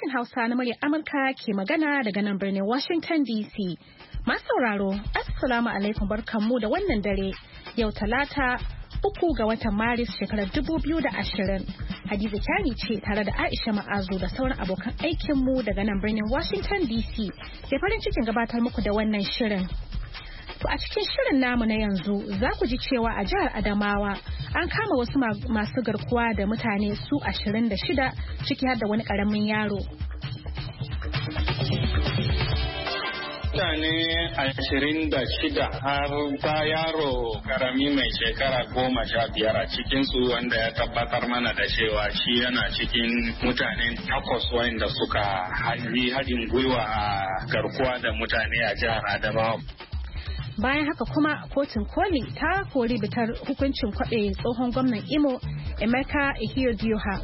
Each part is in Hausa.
sashen Hausa na murya Amurka ke magana daga nan birnin Washington DC. Masu sauraro, Assalamu alaikum barkanmu da wannan dare yau talata uku ga watan Maris shekarar dubu biyu da ashirin. Hadiza Kyari ce tare da Aisha Ma'azu da sauran abokan aikinmu daga nan birnin Washington DC. Ke farin cikin gabatar muku da wannan shirin. To a cikin shirin namu na yanzu za ku ji cewa a jihar Adamawa an kama wasu masu garkuwa da mutane su 26 ciki har da wani karamin yaro. mutane ashirin da shida har ta yaro karami mai shekara goma sha biyar a cikinsu wanda ya tabbatar mana da cewa shi yana cikin mutane takwas wanda suka yi haɗin gwiwa a garkuwa da mutane a jihar Adamawa. bayan haka kuma kotun koli ta kori bitar hukuncin kwaɗe tsohon gwamnan imo emeka ihiodioha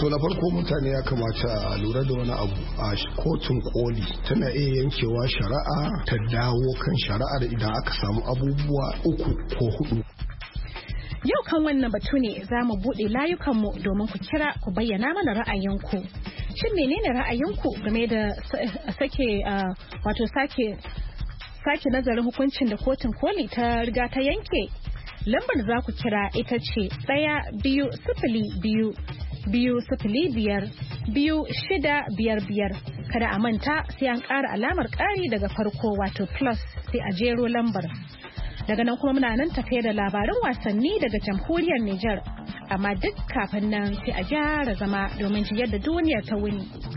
to na farko mutane ya kamata a lura da wani abu a kotun koli tana iya yankewa shari'a ta dawo kan shari'ar idan aka samu abubuwa uku ko hudu yau kan wannan batu ne za mu buɗe layukanmu domin ku kira ku bayyana mana ra'ayinku shin menene ra'ayinku game da sake ah, wato sake sake nazarin hukuncin da kotun koli ta riga ta yanke lambar za ku kira ita ce ɗaya biyu sifili biyu biyu sifili biyar biyu shida biyar biyar kada a manta sai an ƙara alamar ƙari daga farko wato plus sai a jero lambar daga nan kuma muna nan tafiye da labarin wasanni daga jamhuriyar Nijar amma duk kafin nan sai a gyara zama domin ji yadda duniyar ta wuni.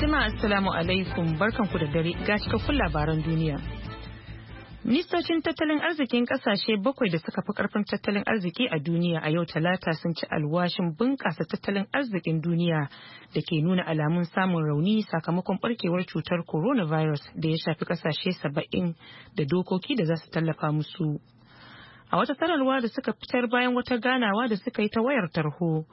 Jama'a Assalamu alaikum barkanku da dare ga cikakkun labaran duniya. Ministocin tattalin arzikin kasashe bakwai da suka fi karfin tattalin arziki a duniya a yau talata sun ci alwashin bunƙasa tattalin arzikin duniya da ke nuna alamun samun rauni sakamakon barkewar cutar coronavirus da ya shafi kasashe saba'in da dokoki da za su tallafa musu. A wata sanarwa da suka fitar bayan wata ganawa da suka yi ta wayar tarho,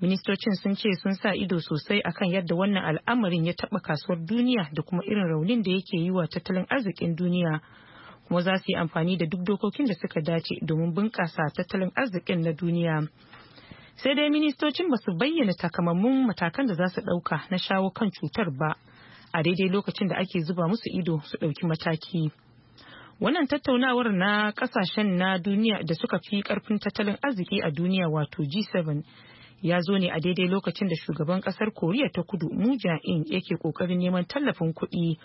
ministocin sun ce sun sa ido sosai akan yadda wannan al'amarin ya taɓa kasuwar duniya da kuma irin raunin da yake yi wa tattalin arzikin duniya kuma za su yi amfani da duk dokokin da suka dace domin bunƙasa tattalin arzikin na duniya sai dai ministocin ba su bayyana takamammun matakan da za su ɗauka na shawo kan cutar ba a daidai lokacin da ake zuba musu ido su ɗauki mataki wannan tattaunawar na ƙasashen na duniya da suka fi ƙarfin tattalin arziki a duniya wato g7 ya zo ne a daidai lokacin da shugaban kasar koriya ta kudu muja in yake kokarin neman tallafin kuɗi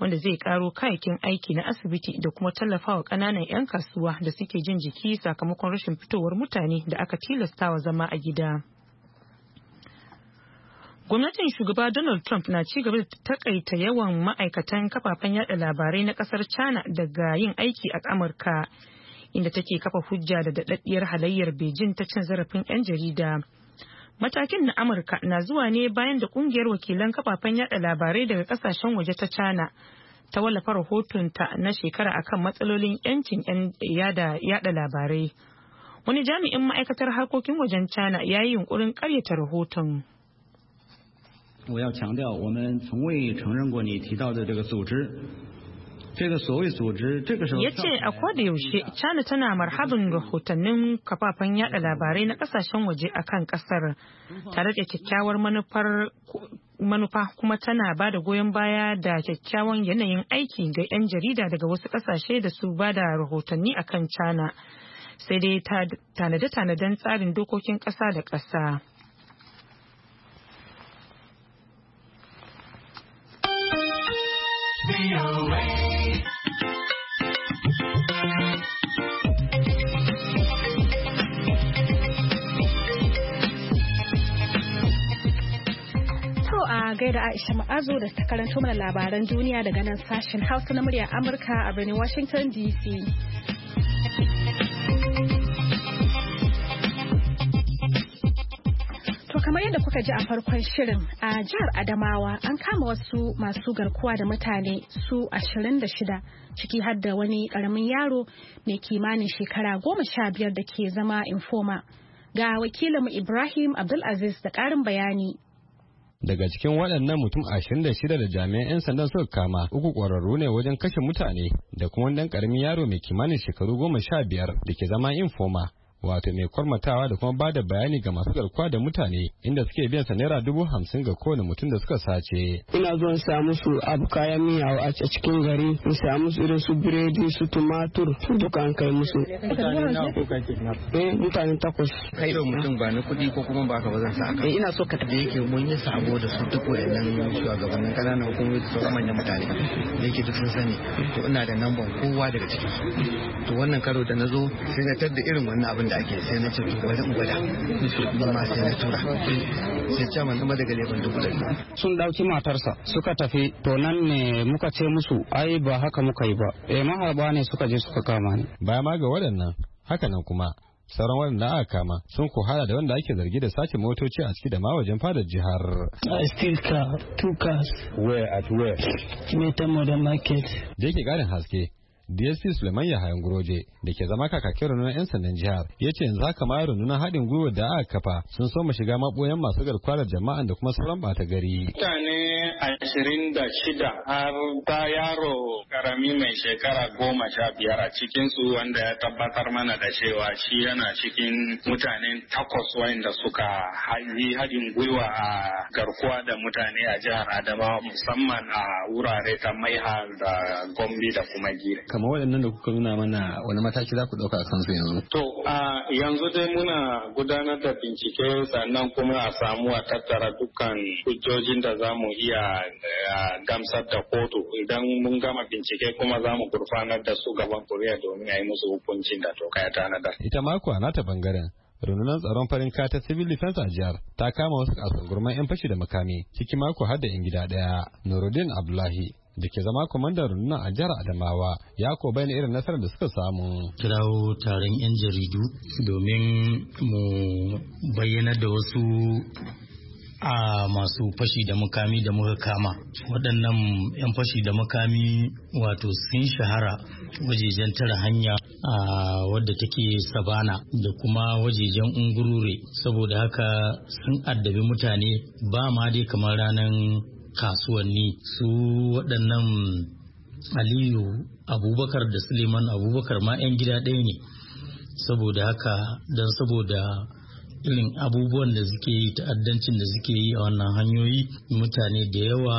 wanda zai karo kayakin aiki na asibiti da kuma tallafawa kananan 'yan kasuwa da suke jin jiki sakamakon rashin fitowar mutane da aka tilastawa zama a gida. Gwamnatin shugaba Donald Trump na ci gaba da takaita yawan ma'aikatan kafafen yada labarai na kasar China daga yin aiki a Amurka, inda take kafa hujja da daɗaɗɗiyar halayyar Beijing ta cin zarafin 'yan jarida. Matakin na Amurka na zuwa ne bayan da kungiyar wakilan kafafen yada labarai daga kasashen waje ta China ta wallafa rahotonta na shekara akan matsalolin 'yancin yada labarai. Wani jami'in ma'aikatar harkokin wajen China ya yi yunkurin karyata rahoton. 我要强调，我们从未承认过你提到的这个组织。ya ce a yaushe china tana marhabin rahotannin kafafen yada labarai na kasashen waje akan kasar tare da kyakkyawar manufar manufa kuma tana ba da goyon baya da kyakkyawan yanayin aiki ga 'yan jarida daga wasu kasashe da su ba da rahotanni akan china sai dai tanade-tanaden tsarin dokokin ƙasa da ƙasa. da Aisha Ma'azu da ta karanto mana labaran duniya daga nan sashen Hausa na muryar Amurka a birnin Washington DC. To kamar yadda kuka ji a farkon shirin a jihar Adamawa an kama wasu masu garkuwa da mutane su 26 ciki har da wani karamin yaro mai kimanin shekara goma sha biyar da ke zama informa. Ga wakilinmu Ibrahim Abdulaziz da ƙarin bayani daga cikin waɗannan mutum ashirin da shida da jami'an 'yan sandan suka kama uku ƙwararru ne wajen kashe mutane da kuma ɗan ƙaramin yaro mai kimanin shekaru goma sha biyar da ke zama infoma wato mai kwarmatawa da kuma bada bayani ga masu garkuwa da mutane inda suke biyan sa naira dubu hamsin ga kowane mutum da suka sace. Ina zuwa samu su abu kayan miya a cikin gari in samu su irin su biredi su tumatur su duka an kai musu. Mutane eh, takwas. Kai da mutum ba na kuɗi ko kuma ba ka ba zan sa ka. Eh, ina so ka tafi yake mun yi sabo da su duk wayannan shugabannin ƙananan hukumomi da sauran manyan mutane da yake duk sun sani to ina da namban kowa daga cikin su. To wannan karo da na zo sai na tadda irin wannan abin da ake sai na ce to bari gwada ni ma sai na tura sai man kuma daga leban dubu da sun dauki matarsa suka tafi to nan ne muka ce musu ai ba haka muka yi ba eh maharba ne suka je suka kama ni Ba ma ga waɗannan haka nan kuma sauran waɗanda aka kama sun kuhara da wanda ake zargi da sace motoci a ciki da ma wajen fadar jihar. I still car, two cars. Where at where? Meta Modern Market. Da yake ƙarin haske, DSP Suleiman Yahayan Guroje da ke zama kakakin rundunar 'yan sandan jihar ya ce yanzu haka ma rundunar haɗin gwiwa da aka kafa sun soma shiga maɓoyan masu garkuwar da jama'an da kuma sauran ɓata gari. Mutane ashirin da shida har ta yaro karami mai shekara goma sha biyar a cikinsu wanda ya tabbatar mana da cewa shi yana cikin mutane takwas wanda suka yi haɗin gwiwa a garkuwa da mutane a jihar Adamawa musamman a wurare ta Maiha da Gombe da kuma Gire. kamar waɗannan da kuka nuna mana wani mataki za ku ɗauka a kansu yanzu? To, a yanzu dai muna gudanar da bincike sannan kuma a samu a tattara dukkan hujjojin da za mu iya eh, gamsar da kotu idan mun gama bincike kuma za mu gurfanar da su gaban kuriya domin a yi musu hukuncin da toka ya tanada. Ita mako a nata bangaren rundunar tsaron farin kata civil defense a jihar ta kama wasu kasar gurman 'yan fashi da makami ciki mako har da 'yan gida daya nuruddin abdullahi da ke zama kwamandan runa a jihar Adamawa ya ko bayan irin nasarar da suka samu. Kirawo taron 'yan jaridu domin mu bayyana da wasu a masu fashi da mukami da muka kama waɗannan 'yan fashi da mukami wato sun shahara wajejen tara hanya a wadda take sabana da kuma wajejen ungurure saboda haka sun addabi mutane ba ma dai kamar ranar kasuwanni su waɗannan aliyu abubakar da suleiman abubakar ma 'yan gida ɗaya ne saboda haka don saboda irin abubuwan da suke yi ta'addancin da suke yi a wannan hanyoyi mutane da yawa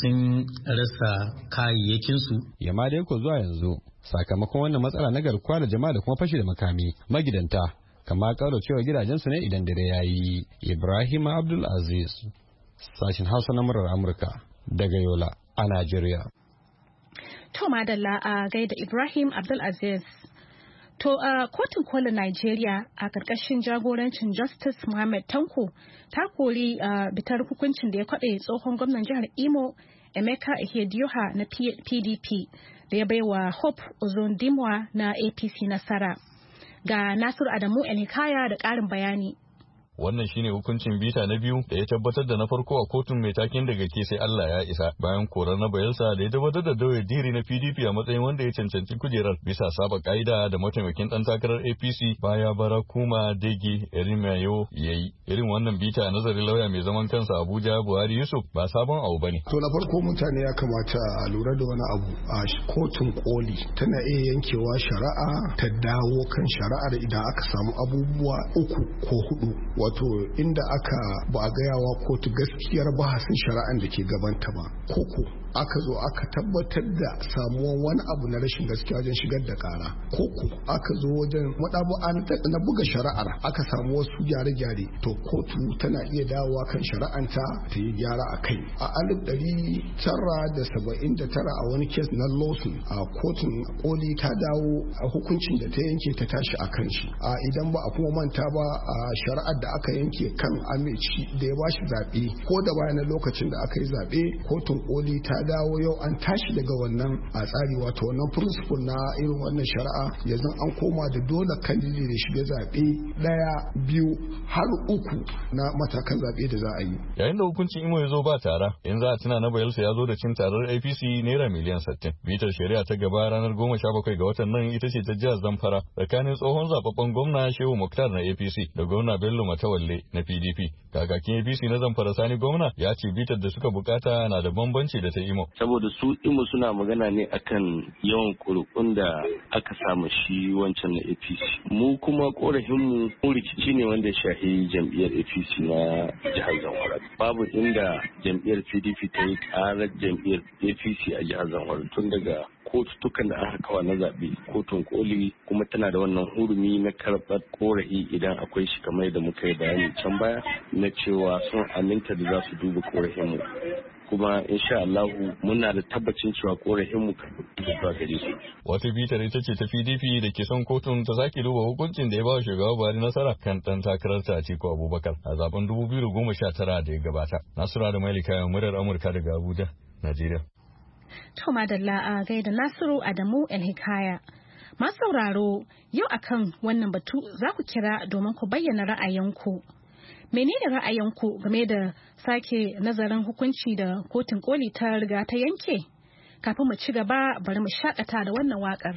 sun rasa kayayyakinsu. yamma dai ko zuwa yanzu sakamakon wannan matsala na garkuwa da jama'a da kuma fashi da makami magidanta kama karo cewa gidajensu ne idan dare ya yi ibrahim abdul aziz sashen Hausa na murar Amurka daga Yola a Najeriya. To madalla a gaida Ibrahim Abdulaziz. To a kotun kolin Najeriya a ƙarƙashin jagorancin Justice Muhammad Tanko ta kori bitar hukuncin da ya kwaɗe tsohon gwamnan jihar Imo Emeka ehediyoha na PDP da ya baiwa Hope Ozondimwa na APC nasara. Ga Nasiru Adamu Elikaya da ƙarin bayani. wannan shine hukuncin bita na biyu da ya tabbatar da na farko a kotun mai takin daga ke sai Allah ya isa bayan korar na bayelsa da ya tabbatar da dauye diri na PDP a matsayin wanda ya cancanci kujerar bisa saba ka'ida da mataimakin dan takarar APC baya kuma Dege Erimayo yayi irin wannan bita nazarin lauya mai zaman kansa Abuja Buhari Yusuf ba sabon abu bane to na farko mutane ya kamata a lura da wani abu a kotun koli tana iya yankewa shari'a ta dawo kan shari'ar idan aka samu abubuwa uku ko hudu wato inda aka ba a gayawa kotu gaskiyar bahasin shari'an da ke gabanta ba koko aka zo aka tabbatar da samuwan wani abu na rashin gaskiya wajen shigar da kara ko ko aka zo wajen madabu'an na buga shari'ar aka samu wasu gyare-gyare to kotu tana iya dawowa kan shari'anta ta yi gyara a kai a alif ɗari tara da saba'in da tara a wani kes na lawson a kotun koli ta dawo a hukuncin da ta yanke ta tashi a kan shi a idan ba a kuma manta ba a shari'ar da aka yanke kan amici da ya bashi zaɓe ko da bayan lokacin da aka yi zaɓe kotun koli ta dawo yau an tashi daga wannan a tsari wato wannan principle na irin wannan shari'a yanzu an koma da dole kandidi da shiga zaɓe ɗaya biyu har uku na matakan zaɓe da za a yi. Yayin da hukuncin Imo ya zo ba tara, in za a tuna na Bayelsa ya zo da cin tarar APC naira miliyan sittin. Bitar shari'a ta gaba ranar goma sha bakwai ga watan nan ita ce ta jihar Zamfara tsakanin tsohon zababben gwamna Shehu Muktar na APC da gwamna Bello Matawalle na PDP. Kakakin APC na Zamfara Sani gwamna ya ce bitar da suka bukata na da bambanci da ta yi. imo saboda su imo suna magana ne akan yawan kurkun da aka samu shi wancan na apc mu kuma korafinmu mu rikici ne wanda shahi jam'iyyar apc na jihar zamfara babu inda jam'iyyar pdp ta yi karar jam'iyyar apc a jihar zamfara tun daga kotutukan da aka kawa na zaɓe kotun koli kuma tana da wannan hurumi na karɓar korafi idan akwai shi kamar da muka yi bayani can baya na cewa sun aminta da za su duba korafin kuma insha Allah muna da tabbacin cewa korafin mu zuwa gare su. Wata bitar ita ce ta PDP da ke son kotun ta zaki duba hukuncin da ya ba shugaba Buhari nasara kan dan takarar ta ko Abubakar a zaben 2019 da ya gabata. Nasura da Malika ya murar Amurka daga Abuja, Najeriya. To madalla a gaida Nasiru Adamu El Hikaya. Masauraro, sauraro yau akan wannan batu za ku kira domin ku bayyana ra'ayinku. menene ra'ayinku game da sake nazarin hukunci da kotun koli ta riga ta yanke kafin mu ci gaba bari mu shakata da wannan wakar.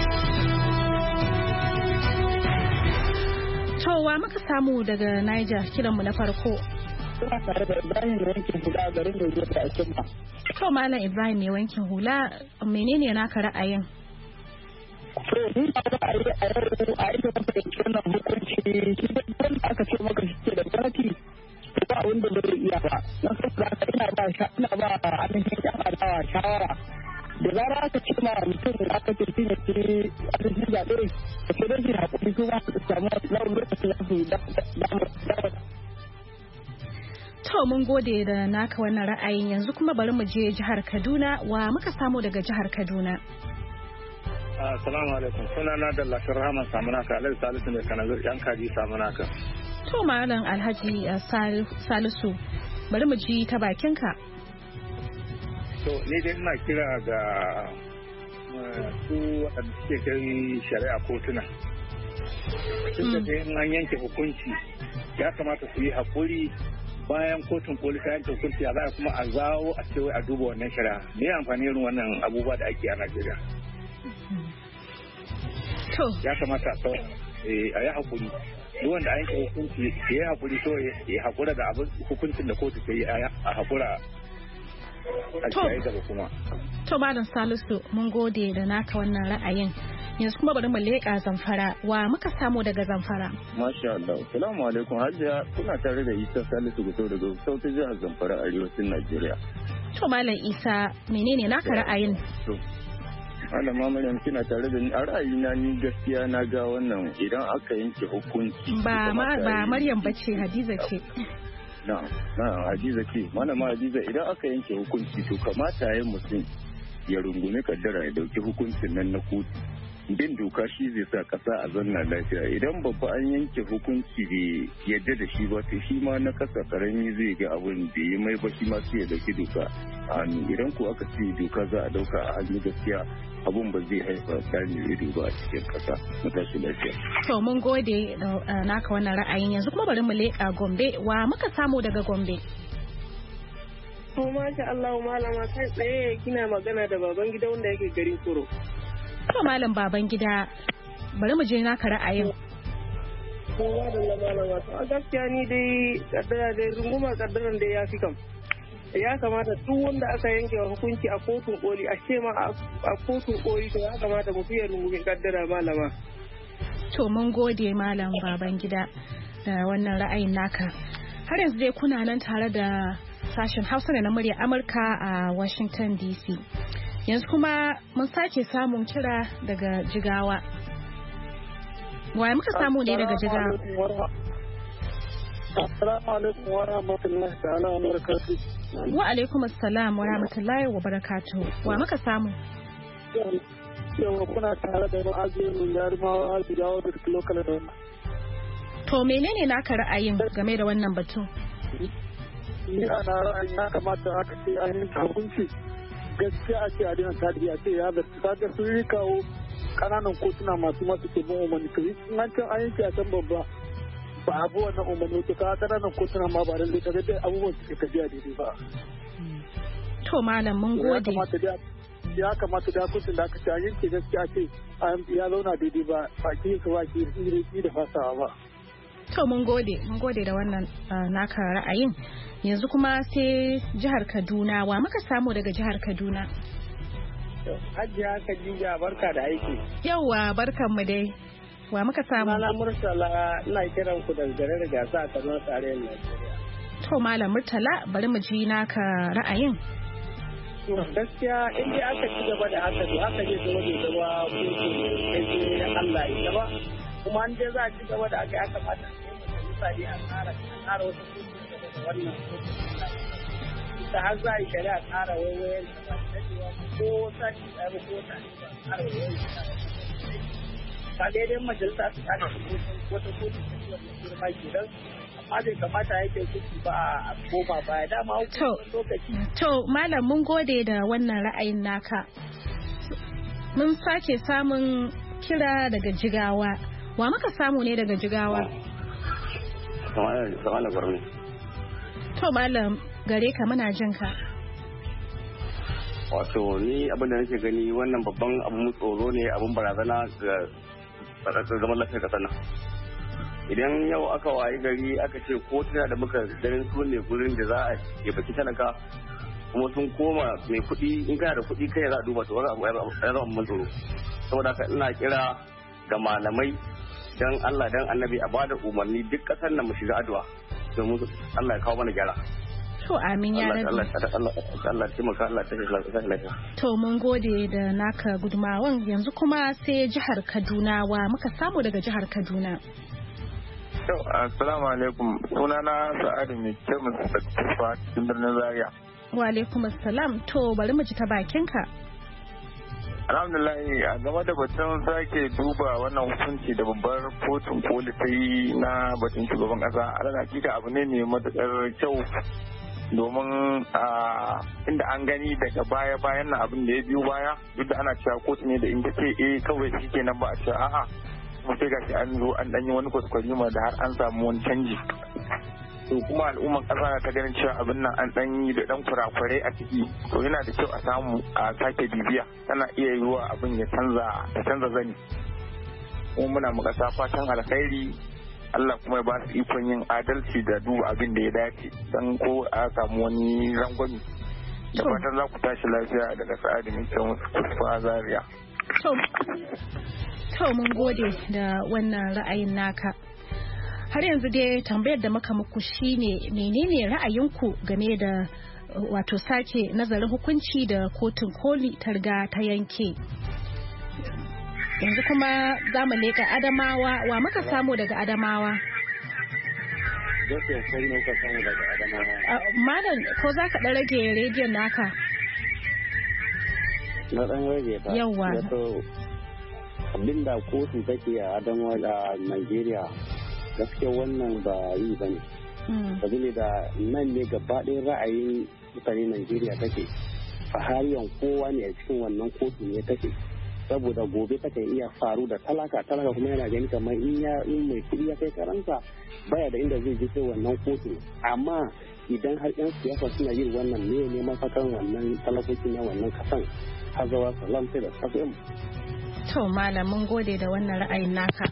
wa muka samu daga Niger kiranmu na farko. Kuma tare da Ibrahim mai wankin hula garin da zuwa da Akimba. To Malam Ibrahim mai wankin hula menene naka ra'ayin? To ni ba da a yi a yau a yi da fahimci wannan hukunci idan wanda aka ce maka shi ke da gwamnati ko ba wanda bai iya ba. Na saboda ina ba ina ba ainihin yan adawa shawara da zara aka ce ma mutum da aka ce shi ne ke asirin zaɓe da ke dajin haƙuri kuma su samu lauyin lokaci za su damar To mun gode da naka wannan ra'ayin yanzu kuma bari mu je jihar Kaduna wa muka samu daga jihar Kaduna. Assalamu alaikum sunana da lafiyar rahman samunaka alhaji salisu ne kanazir yan kaji samunaka. To malam alhaji eh, salisu bari mu ji ta bakinka. to ni dai ina kira ga eh, su waɗanda suke kai shari'a kotuna tunda da mm. dai an yanke hukunci ya kamata su yi haƙuri bayan kotun koli ta yanke hukunci a kuma a zawo a ce a duba wannan shari'a me ya amfani irin wannan abubuwa da ake a Najeriya ya kamata eh, a yi haƙuri duk wanda a yanke hukunci ya yi haƙuri so ya haƙura da abin hukuncin da kotu ta yi a haƙura To Malam Salisu mun gode da naka wannan ra'ayin. Yanzu kuma bari mu leƙa zamfara wa muka samu daga zamfara. Masha Allah. Assalamu alaikum Hajiya kuna tare da Isa Salisu Gusau daga sauti jihar Zamfara arewacin Najeriya. To Malam Isa menene naka ra'ayin? Ana mamayan kina tare da ni a ra'ayina ni gaskiya na ga wannan idan aka yanke hukunci. Ba Maryam bace Hadiza ce. na na ke mana malama hadiza idan aka yanke hukunci to kamata ya mutum ya rungumi kaddara ya dauki hukuncin nan na kotu bin doka shi zai sa kasa a zanna lafiya idan babba an yanke hukunci bai yadda da shi ba to shi ma na kasa karami zai ga abin da ya mai ba shi ma sai ya dauki doka a idan ko aka ce doka za a dauka a hannu gaskiya abun ba zai haifa tsarin ido ba a cikin kasa na tashi lafiya. to mun gode eh, naka wannan ra'ayin yanzu kuma bari mu leƙa gombe wa muka samu daga gombe. Kuma Allahu Allah malama kai tsaye kina magana da baban gida wanda yake garin Koro. To malam baban gida bari mu je naka ra'ayin. a gaskiya ni dai kaddara dai rungumar kaddaran dai ya fi kam ya kamata duk wanda aka yanke wa hukunci a kotun koli a ce ma a kotun koli to ya kamata mu fiye rungumin kaddara malama to mun gode malam baban gida da wannan ra'ayin naka har yanzu dai kuna nan tare da sashen hausa da na murya amurka a washington dc yanzu kuma mun sake samun kira daga jigawa waye muka samu ne daga jigawa alaikum wa wa Wa alaikum assalam wa rahmatullahi wa barakatu. Wa muka samu? kuna tare da ma'azi mun yari ma aji dawo da da To menene naka ra'ayin game da wannan batun? Ni ana ra'ayi na kamata aka ce ainihin hukunci gaskiya a ce a daina sadari a ce ya zarta kaga sun yi kawo kananan kotuna masu masu ke umarni umarni yi sun hancin an yanke a babba ba a bi na umarni to kawo kananan kotuna ma ba lalle kaga dai abubuwan suke biya daidai ba. to malam mun gode. ya kamata da kotun da aka ce a yanke gaskiya ce ya zauna daidai ba ba ke yi ka ba yi da fasawa ba. To mun gode, mun gode da wannan eh, naka ra'ayin. Yanzu kuma sai jihar Kaduna, wa muka samu daga jihar Kaduna? Hajiya Khadija barka da aiki. Yawwa barkan mu dai. Wa muka samu? Malam Murtala ina kiran ku daga garin gasa a Kano tarayyar Najeriya. To Malam Murtala bari mu ji naka ra'ayin. gaskiya in dai aka ci gaba da haka to aka je zama da zama ko kai Allah ya ba. kuma an je za a ci gaba da aka ya kamata a yi a tsara wasu wannan da har za a yi shari'a tsara ba ko ko tsara ba daidai majalisa su wata kotu ta girma To, Malam mun gode da wannan ra'ayin naka. Mun sake samun kira daga jigawa. Wa muka samu ne daga jigawa? To malam gare ka muna jin ka. Wato ni abin da nake gani wannan babban abin tsoro ne abin barazana ga tsarkar zaman lafiyar kasar nan. Idan yau aka wayi gari aka ce ko tana da muka ganin su ne gurin da za a ke baki talaka kuma sun koma mai kuɗi in kana da kuɗi kai za a duba to wani abu ya zama tsoro. Saboda ka ina kira da malamai don Allah don annabi a bada umarni duk kasar na mu shiga addu'a domin Allah ya kawo mana gyara to amin ya rabi Allah ta taimaka Allah ta lafiya to mun gode da naka gudumawan yanzu kuma sai jihar Kaduna wa muka samu daga jihar Kaduna Yau, assalamu alaikum sunana sa'adu mai kyau cikin birnin zaria wa alaikum assalam to bari mu ji ta bakinka alhamdulillah a game da batun sake duba wannan hukunci da babbar kotun koli ta yi na batun shugaban kasa a ran hakika abu ne mai matukar kyau domin inda an gani daga baya bayan na abin da ya biyo baya duk da ana cewa kotu ne da in ta ce eh kawai shi nan ba a cewa a'a kuma ga shi an zo an danyi wani kwaskwarima da har an samu wani canji to kuma al'ummar ƙasa ta ganin cewa abin nan an ɗan yi da ɗan kurakurai a ciki to yana da kyau a samu a sake bibiya tana iya wa abin ya canza ta canza zani kuma muna mu ƙasa fatan alkhairi Allah kuma ya ba su ikon yin adalci da duba abin da ya dace don ko a samu wani rangwami da fatan za ku tashi lafiya daga sa'adin mutum kusurfa zaria. To, mun gode da wannan ra'ayin naka. har yanzu dai tambayar da muka muku shine menene ra'ayinku game da wato sake nazarin hukunci da kotun koli ta riga ta yanke yanzu kuma za mu leka adamawa wa muka samu daga adamawa malam ko za ka ɗan rage rediyon naka na ɗan rage ta yawa abinda kotu take a adamawa a nigeria gaskiya wannan ba yi ba ne ne hmm. da nan ne gabaɗin ra'ayin mutane najeriya take fahariyan kowa ne a cikin wannan kotu ne take saboda gobe takan iya faru da talaka talaka kuma yana gani kamar in ya in mai kuɗi ya kai karanta baya da inda zai je sai wannan kotu amma idan har yan siyasa suna yin wannan ne ne mafakan wannan talakoki na wannan kasan hazawa salam sai da kafin to malamin gode da wannan ra'ayin naka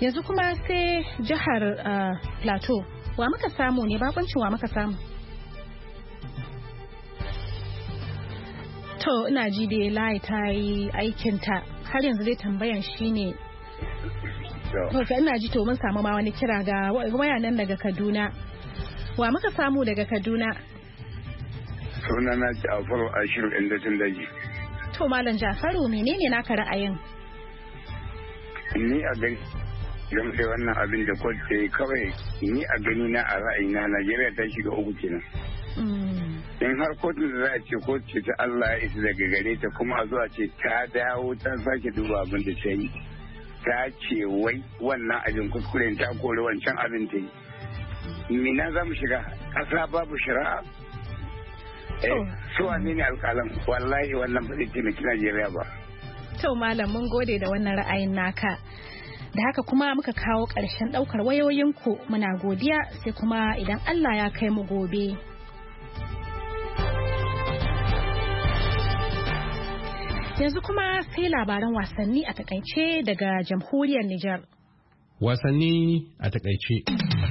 yanzu kuma sai jihar uh, plateau wa muka samu ne bakuncin wa muka samu to ina ji da layi ta yi aikinta har yanzu dai tambayan shine to ina ji to mun samu ma wani kira ga waya nan daga kaduna wa muka samu daga kaduna sunana jafaru ashiru inda tun daji to malam jafaru menene naka ra'ayin ni a gari don sai wannan abin da kwal ta kawai ni a gani na a ra'ayina najeriya ta shiga uku kenan hmm. in har kotun da za a ce ko ce ta allah ya isa daga gare ta kuma a zuwa ce ta dawo ta sake duba abin da ta yi ta ce wai wannan abin kuskure ta kore wancan abin ta yi mina za mu shiga ƙasa babu shari'a eh, oh. su wane ne alƙalan wallahi wannan ba zai taimaki najeriya ba to malam mun gode da wannan ra'ayin naka da haka kuma muka kawo ƙarshen ɗaukar wayoyinku muna godiya sai kuma idan Allah ya kai mu gobe. Yanzu kuma sai labaran wasanni a takaice daga jamhuriyar Nijar. Wasanni a takaice.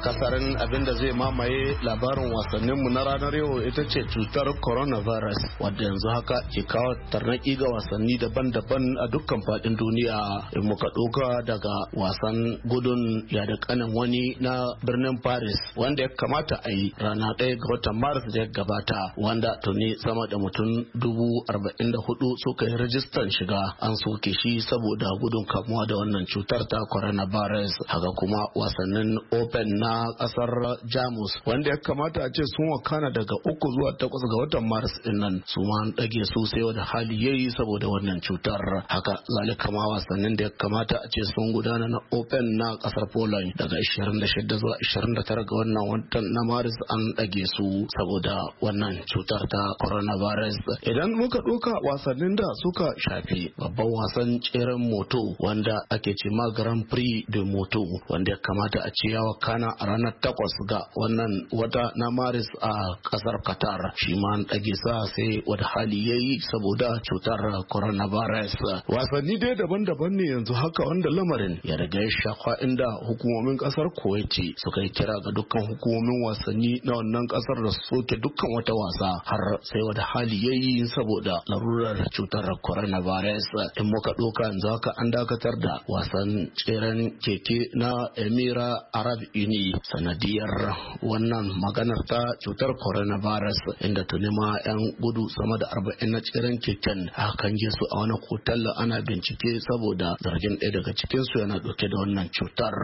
akasarin abinda zai mamaye labarin wasanninmu na ranar yau ita ce cutar coronavirus wadda yanzu haka ke kawo tarnaki ga wasanni daban-daban a dukkan fadin duniya in muka ɗauka daga wasan gudun da kanin wani na birnin paris wanda ya kamata a yi rana ɗaya ga watan maris da ya gabata wanda tuni sama da mutum dubu arba'in da hudu suka yi rajistan shiga an soke shi saboda gudun kamuwa da wannan cutar ta coronavirus haka kuma wasannin open na na kasar jamus wanda ya kamata a ce sun wakana daga uku zuwa takwas ga watan maris din nan su ma dage su sai wani hali yi saboda wannan cutar haka zalika ma wasannin da ya kamata a ce sun gudana na open na kasar poland daga 26 zuwa 29 ga wannan watan na maris an dage su saboda wannan cutar ta coronavirus idan muka ɗauka wasannin da suka shafi babban wasan tseren moto wanda ake ce ma grand prix de moto wanda ya kamata a ce yawa kana a ranar takwas ga wannan wata na maris a kasar qatar shi ma an ɗage sa sai wata hali ya yi saboda cutar coronavirus wasanni dai daban-daban ne yanzu haka wanda lamarin ya riga ya shafa inda hukumomin kasar kuwaiti suka yi kira ga dukkan hukumomin wasanni na wannan kasar da su soke dukkan wata wasa har sai wata hali ya yi saboda larurar cutar coronavirus in muka ɗauka yanzu haka an dakatar da wasan tseren keke na emira arab uni sanadiyar wannan maganar ta cutar coronavirus inda tuni ma 'yan gudu sama da arba'in na cikin keken a kan su a wani kotal ana bincike saboda zargin ɗaya daga cikinsu yana ɗauke da wannan cutar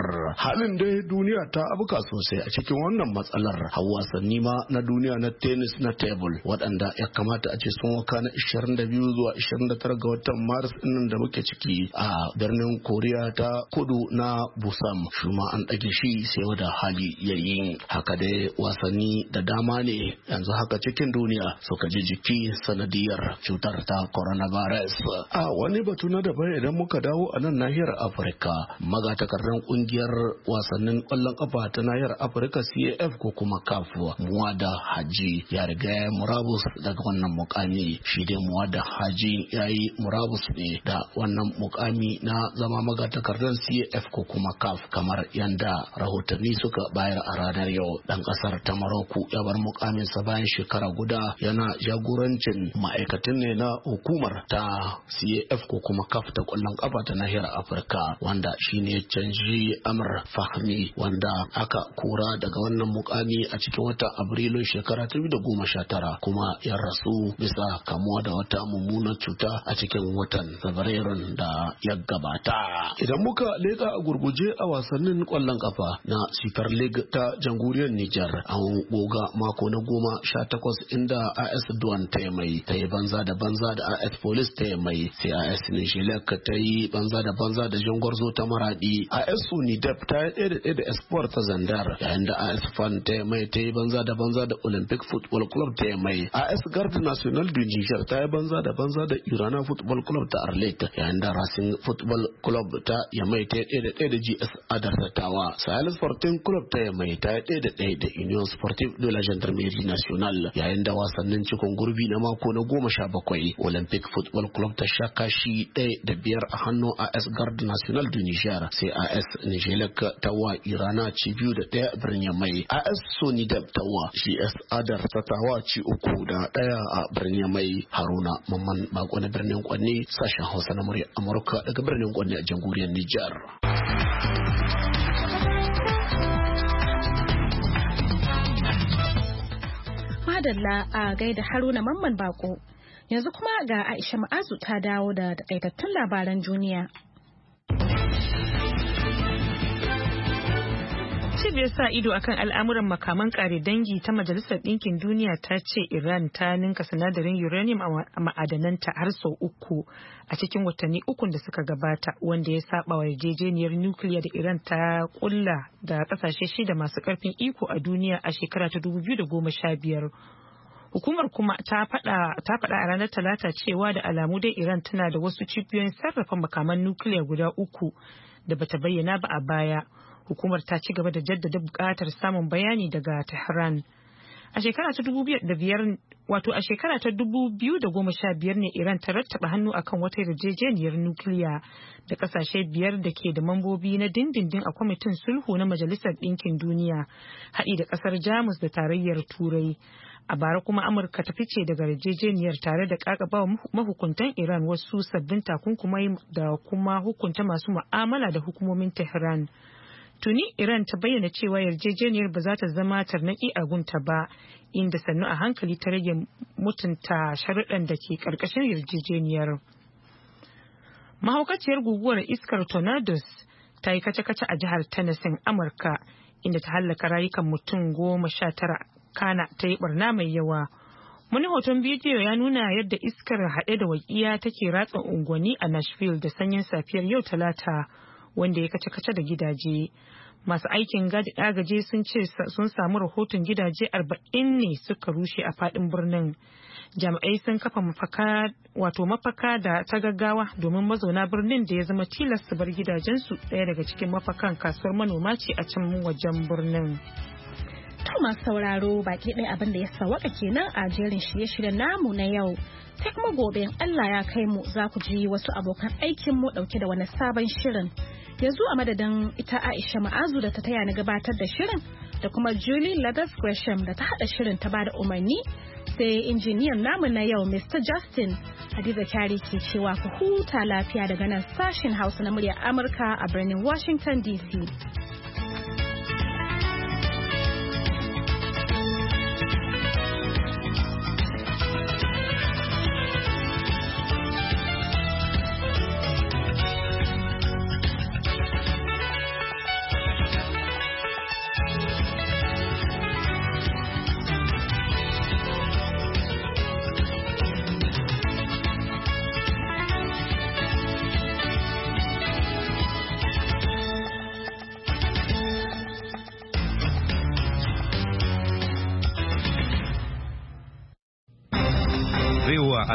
halin dai duniya ta abuka sosai a cikin wannan matsalar har wasanni ma na duniya na tennis na table waɗanda ya kamata a ce sun waka na 22 zuwa 29 ga watan maris ɗin da muke ciki a birnin koriya ta kudu na busam shuma an ɗage shi sai wada hali ya yi haka dai wasanni da dama ne yanzu haka cikin duniya suka ji jiki sanadiyar cutar ta coronavirus a wani batu na daban idan muka dawo a nan nahiyar afirka magatakardar kungiyar wasannin kwallon kafa ta nahiyar afirka caf ko kuma caf muwada haji ya riga ya murabus daga wannan mukami shi dai muwada haji ya yi murabus ne da wannan mukami na zama magatakardar caf ko kuma caf kamar yanda rahotanni su suka bayar a ranar yau dan kasar ta Maroko ya bar mukaminsa bayan shekara guda yana jagorancin ma'aikatan ne na hukumar ta CAF ko kuma CAF ta kwallon kafa ta nahiyar Afirka wanda shine canji Amr Fahmi wanda aka kura daga wannan mukami a cikin wata Abrilun shekara ta da goma sha tara kuma ya rasu bisa kamuwa da wata mummunar cuta a cikin watan Fabrairun da ya gabata. Idan muka leka a gurguje a wasannin kwallon kafa na super league ta jamhuriyar nijar a goga mako na goma sha takwas inda as Duan ta yi mai ta yi banza da banza da as police ta yi mai sai as nijilek ta yi banza da banza da jangwarzo ta maradi as unidep ta yi ɗaya da ɗaya da espoir ta zandar yayin da as fan ta yi mai ta yi banza da banza da olympic football club ta yi mai as guard national de nijar ta yi banza da banza da irana football club ta arlet yayin da racing football club ta mai ta yi ɗaya da ɗaya da gs adar tawa sahel sporting club ta mai ta ɗaya da ɗaya da union sportive de la gendarmerie nationale yayin da wasannin cikon gurbi na mako na goma sha bakwai olympic football club ta sha kashi ɗaya da biyar a hannun as guard national du niger sai as nigelec ta wa irana ci biyu da ɗaya birnin mai as sonidab ta wa gs adar ta tawa ci uku da ɗaya a birnin mai haruna mamman bako na birnin kwanne sashen hausa na murya amurka daga birnin kwanne a jamhuriyar niger madalla a gaida haruna mamman bako. Yanzu kuma ga Aisha Ma'azu ta dawo da takaitattun labaran duniya. cibiyar sa ido akan al'amuran makaman kare dangi ta majalisar ɗinkin duniya ta ce iran ta ninka sinadarin uranium a ma'adananta har sau uku a cikin watanni ukun da suka gabata wanda ya saba wa yarjejeniyar nukiliya da iran ta kulla da kasashe shida masu karfin iko a duniya a shekara ta 2015 hukumar kuma ta faɗa a ranar talata cewa da alamu dai iran tana da wasu cibiyoyin sarrafa makaman nukiliya guda uku da bata bayyana ba a baya hukumar ta ci gaba da jaddada buƙatar samun bayani daga tehran a shekara ta dubu wato a shekara ta biyar ne iran ta rattaba hannu akan wata yarjejeniyar nukiliya da kasashe biyar da ke da mambobi na dindindin a kwamitin sulhu na majalisar Dinkin duniya haɗi da ƙasar jamus da tarayyar turai a bara kuma amurka ta fice daga yarjejeniyar tare da ƙaƙabawa mahukuntan iran wasu sabbin takunkumai da kuma hukunta masu mu'amala da hukumomin tehran tuni iran ta bayyana cewa yarjejeniyar ba za ta zama tarnaki a gunta ba inda sannu a hankali ta rage mutunta sharuɗan da ke ƙarƙashin yarjejeniyar mahaukaciyar guguwar iskar tornadoes ta yi kace-kace a jihar tennessee amurka inda ta hallaka rayukan mutum goma sha tara kana ta yi barna mai yawa wani hoton bidiyo ya nuna yadda iskar haɗe da wakiya take ratsa unguwanni a nashville da sanyin safiyar yau talata wanda ya kace kace da gidaje masu aikin gadi agaji sun ce sun samu rahoton gidaje 40 ne suka rushe a fadin birnin jami'ai sun kafa mafaka wato mafaka da ta gaggawa domin mazauna birnin da ya zama tilas su bar gidajensu daya daga cikin mafakan kasuwar manoma ce a can wajen birnin to masu sauraro baki ɗaya abin da ya sawaka kenan a jerin shirye-shiryen namu na yau sai kuma gobe Allah ya kai mu za ku ji wasu abokan aikin mu dauke da wani sabon shirin yanzu a madadin ita aisha ma'azu da ta taya na gabatar da shirin da kuma julie ladas gresham da ta hada shirin ta bada umarni sai injiniyan namu na yau mr justin hadiza kyari ke cewa ku huta lafiya daga nan sashin hausa na murya amurka a birnin washington dc